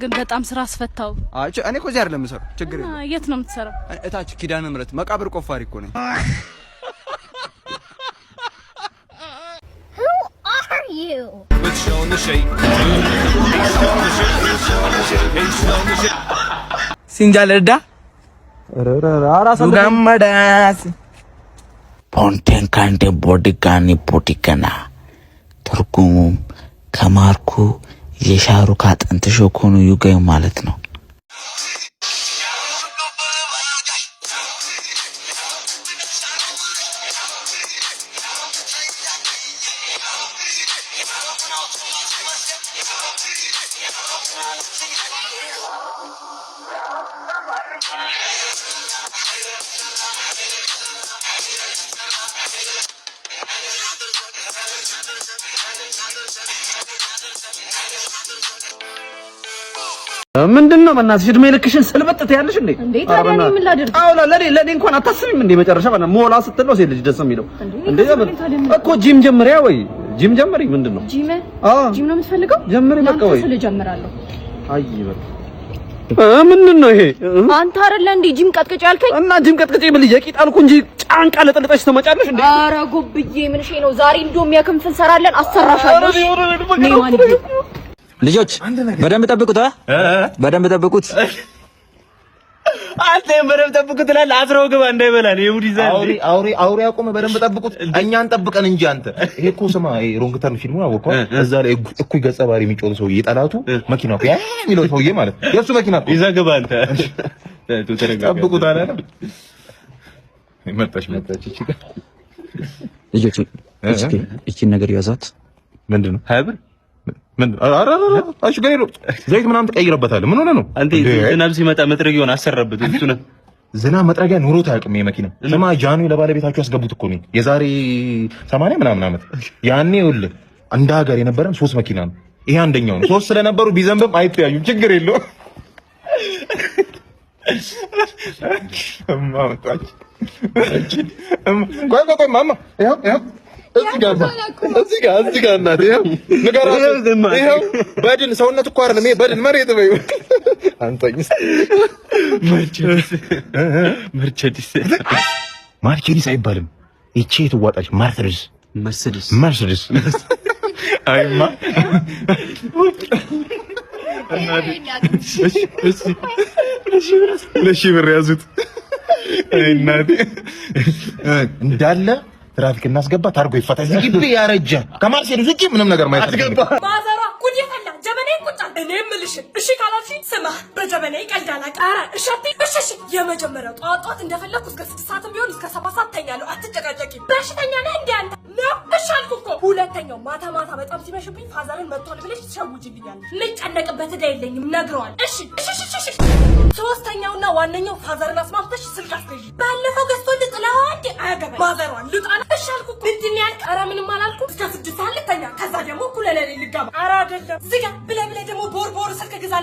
ግን በጣም ስራ አስፈታው። አይ እኔ እኮ እዚህ አይደለም የምሰራው። ችግር የለም። የት ነው የምትሰራው? እታች ኪዳነ ምሕረት መቃብር ቆፋሪ እኮ ነኝ። ሲንጃል እዳ ፖንቴን ካንዴ ቦዲጋኒ ቦዲገና ትርጉሙም ከማርኩ የሻሩክ አጥንት ሾኮኑ ዩጋዩ ማለት ነው። ምንድን ነው በእናትሽ እድሜ ልክሽን ስልበጥ ትያለሽ እንዴ? ለእኔ እንኳን አታስብም እንዴ? መጨረሻ ሞላ ስትለው ነው ሴት ልጅ ደስ የሚለው እንዴ እኮ ጂም ጀምሪያ ወይ ጂም ጀምሪ። ምንድን ነው ጂም ነው የምትፈልገው? ጀምሪ በቃ ወይ አይ ይሄ? አንተ እንዴ ጂም ያልከኝ? እና ጂም ቀጥቅጭ ብል የቂጥ አልኩ እንጂ ጫንቃ ለጠልጠሽ ትመጫለሽ እንዴ? አረ ጉብዬ ምን ሼ ነው ዛሬ እንደውም ያክንፍ እንሰራለን አሰራሻለሁ። ልጆች በደንብ ጠብቁት፣ በደንብ ጠብቁት። አንተ በደንብ ጠብቁት ትላለህ። አስሮ ግባ እንዳይበላል የሙዲ ዘን አውሪ አውሪ አውሪ አቁም። በደንብ ጠብቁት። እኛን ጠብቀን እንጂ አንተ ይሄ እኮ ስማ፣ ይሄ ሮንግ ተርን ፊልሙን አወቀው። እዛ ላይ እኩይ ገጸ ባህሪ የሚጮህ ሰው ጠላቱ መኪና እኮ ያ የሚለው ሰውዬ ማለት የእሱ መኪና እኮ ይዘህ ግባ አንተ። ጠብቁት አላለም። መጣች መጣች። እቺ ልጆች እቺ ነገር ያዛት ምንድን ነው ሀያ ብር ዘይት ምናምን ትቀይረበታለህ። ምን ሆነህ ነው? ዝናብ ሲመጣ መጥረጊያውን አሰራበት። ዝናብ መጥረጊያ ኑሮት አያውቅም። የመኪና ስማ፣ ጃኑ ለባለቤታችሁ ያስገቡት እኮ ነው የዛሬ ሰማንያ ምናምን ዓመት። ያኔ ይኸውልህ እንደ ሀገር የነበረን ሶስት መኪና ነው። ይሄ አንደኛው ነው። ሶስት ስለነበሩ ቢዘንብም አይተያዩም። ችግር የለውም። ቆይ ቆይ ቆይ ማማ እዚህ ጋር እዚህ ጋር ይኸው ይኸው በድን ሰውነት እኮ አይደለም ይሄ በድን መሬት በይው። አንተኝስ መርቸዲስ መርቸዲስ አይባልም። የትዋጣች መርሰዲስ መርሰዲስ አይማ ብር ያዙት እናቴ እንዳለ ትራፊክ እናስገባ፣ ታርጎ ይፈታ። እዚህ ግቢ ያረጀ ከማርሴል ውጭ ምንም ነገር ማየት አትገባ። ማዘሯ ጉድ የፈላ ጀበናዬ ቁጫ። እኔ የምልሽን እሺ ካላልሽኝ ስማ፣ በጀበኔ ቀልዳላ ቃራ እሺ፣ እሺ፣ እሺ። የመጀመሪያው ጠዋት ጠዋት እንደፈለኩ እስከ ስድስት ሰዓትም ቢሆን እስከ ሰባት ሰዓት ተኛለሁ። አትጨቃጨቂ። በሽተኛ ነህ እንዲ አንተ ነው። እኮ። ሁለተኛው ማታ ማታ በጣም ሲመሽብኝ ፋዘርን መጥቷል ብለሽ ትሸውጅልኛለሽ። ልጨነቅበት ዕዳ የለኝም። ነግረዋል። እሺ፣ እሺ ሶስተኛውና ዋነኛው ፋዘርን አስማምተሽ ስልክ አስገዢ። ባለፈው ገዝቶ ልጥላው አንድ አያገባኝ ማዘሯን ልጣና እሻልኩ ምንድን ያልክ? ኧረ ምንም አላልኩም። እስከ ስድስት ሰዓት ልተኛ፣ ከዛ ደግሞ እኩለ ሌሊት ልጋባ። ኧረ አይደለም ዝጋ ደግሞ ቦርቦር ስልክ ግዛ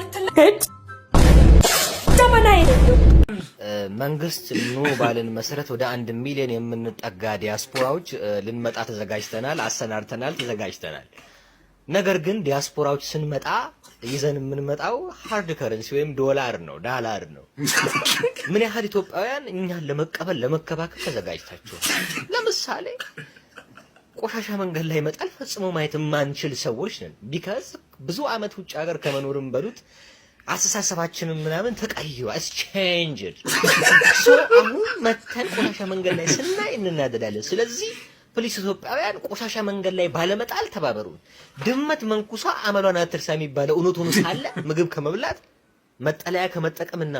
መንግስት ኑ ባልን መሰረት ወደ አንድ ሚሊዮን የምንጠጋ ዲያስፖራዎች ልንመጣ ተዘጋጅተናል፣ አሰናድተናል፣ ተዘጋጅተናል። ነገር ግን ዲያስፖራዎች ስንመጣ ይዘን የምንመጣው ሀርድ ከረንሲ ወይም ዶላር ነው፣ ዳላር ነው። ምን ያህል ኢትዮጵያውያን እኛን ለመቀበል ለመከባከብ ተዘጋጅታችኋል? ለምሳሌ ቆሻሻ መንገድ ላይ መጣል ፈጽሞ ማየት የማንችል ሰዎች ነን። ቢካዝ ብዙ አመት ውጭ ሀገር ከመኖርም በሉት አስተሳሰባችንም ምናምን ተቀይሯል። ቼንጅድ አሁን መተን ቆሻሻ መንገድ ላይ ስናይ እንናደዳለን። ስለዚህ ፕሊስ ኢትዮጵያውያን ቆሻሻ መንገድ ላይ ባለመጣል ተባበሩ። ድመት መንኩሳ አመሏን አትርሳ የሚባለው እውነት ሆኖ ሳለ ምግብ ከመብላት መጠለያ ከመጠቀምና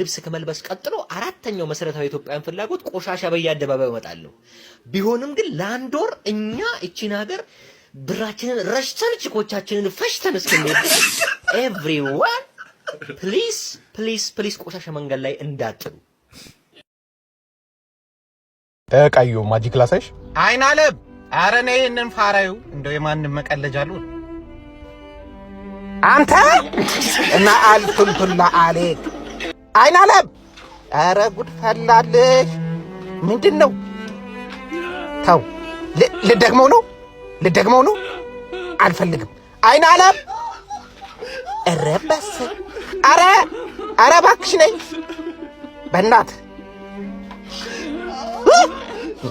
ልብስ ከመልበስ ቀጥሎ አራተኛው መሰረታዊ ኢትዮጵያን ፍላጎት ቆሻሻ በየአደባባዩ እመጣለሁ። ቢሆንም ግን ለአንድ ወር እኛ እቺን ሀገር ብራችንን ረሽተን ችኮቻችንን ፈሽተን እስክንሄድ ኤቭሪዋን ፕሊስ ፕሊስ ፕሊስ ቆሻሻ መንገድ ላይ እንዳጥሩ። ቀዩ ማጂክ ላሳይሽ። አይን አለም አረ እኔ ይህንን ፋራዩ እንደው የማንም መቀለጃሉ አንተ እና አልቱልቱላ አሌክ አይን አለም አረ ጉድ ፈላልሽ። ምንድን ነው? ተው ልደግመው ነው ልደግመው ነው። አልፈልግም። አይን አለም ኧረ በስመ አረ ኧረ ኧረ እባክሽ ነኝ በእናትህ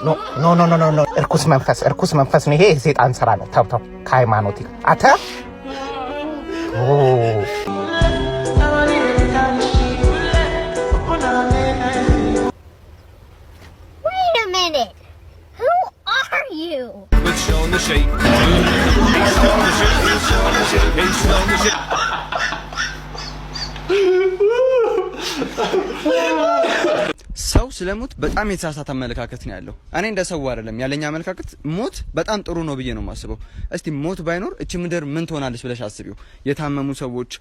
ኖ ኖ ኖ ኖ ኖ እርኩስ መንፈስ እርኩስ መንፈስ ነው። ይሄ የሴጣን ስራ ነው። ተው ተው፣ ከሃይማኖት አተ ኦ ስለሞት በጣም የተሳሳተ አመለካከት ነው ያለው። እኔ እንደ ሰው አይደለም ያለኝ አመለካከት ሞት በጣም ጥሩ ነው ብዬ ነው የማስበው። እስቲ ሞት ባይኖር እቺ ምድር ምን ትሆናለች ብለሽ አስቢው። የታመሙ ሰዎች፣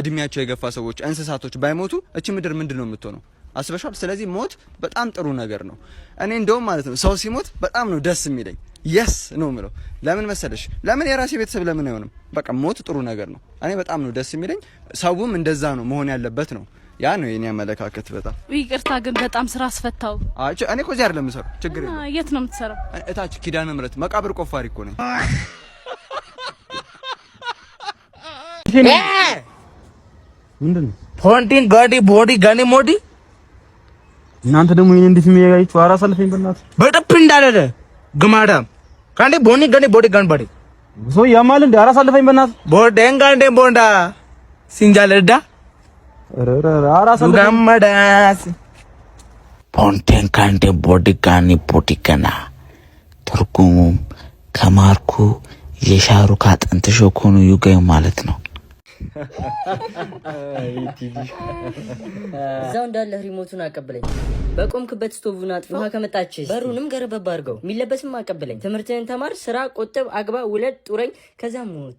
እድሜያቸው የገፋ ሰዎች፣ እንስሳቶች ባይሞቱ እቺ ምድር ምንድን ነው የምትሆነው? አስበሻል? ስለዚህ ሞት በጣም ጥሩ ነገር ነው። እኔ እንደውም ማለት ነው ሰው ሲሞት በጣም ነው ደስ የሚለኝ የስ ነው ምለው። ለምን መሰለሽ? ለምን የራሴ ቤተሰብ ለምን አይሆንም? በቃ ሞት ጥሩ ነገር ነው። እኔ በጣም ነው ደስ የሚለኝ። ሰውም እንደዛ ነው መሆን ያለበት ነው። ያ ነው የኔ አመለካከት። በጣም ይቅርታ ግን በጣም ስራ አስፈታው። አይ እኔ እኮ እዚህ አይደለም የምሰራው። ችግር የለም። የት ነው የምትሰራው? እታች ኪዳነ ምሕረት መቃብር ቆፋሪ እኮ ነኝ። ምንድን ፖንቲን ጋዲ ቦዲ ጋኒ ሞዲ። እናንተ ደግሞ ይሄን እንዴት ነው የሚያያችሁ? ኧረ አሳልፈኝ በእናት በጥፍ እንዳለለ ግማዳ ካንዲ ቦኒ ጋኒ ቦዲ ጋን ባዲ ሶ ያማል እንደ ኧረ አሳልፈኝ በእናትህ ቦደን ጋንዴ ቦንዳ ሲንጃለዳ పొంటెం కంటే బొడ్డి కాని పొటికన ትርጉሙ ከማርኩ የሻሩክ አጥንት ሾኮኑ ዩገዩ ማለት ነው። እዛው እንዳለህ ሪሞቱን አቀብለኝ። በቆምክበት ስቶቡን አጥፋ። ውሃ ከመጣች በሩንም አድርገው። የሚለበስም አቀብለኝ። ትምህርትህን ተማር፣ ስራ፣ ቆጥብ፣ አግባ፣ ውለድ፣ ጡረኝ፣ ከዛ ሞት።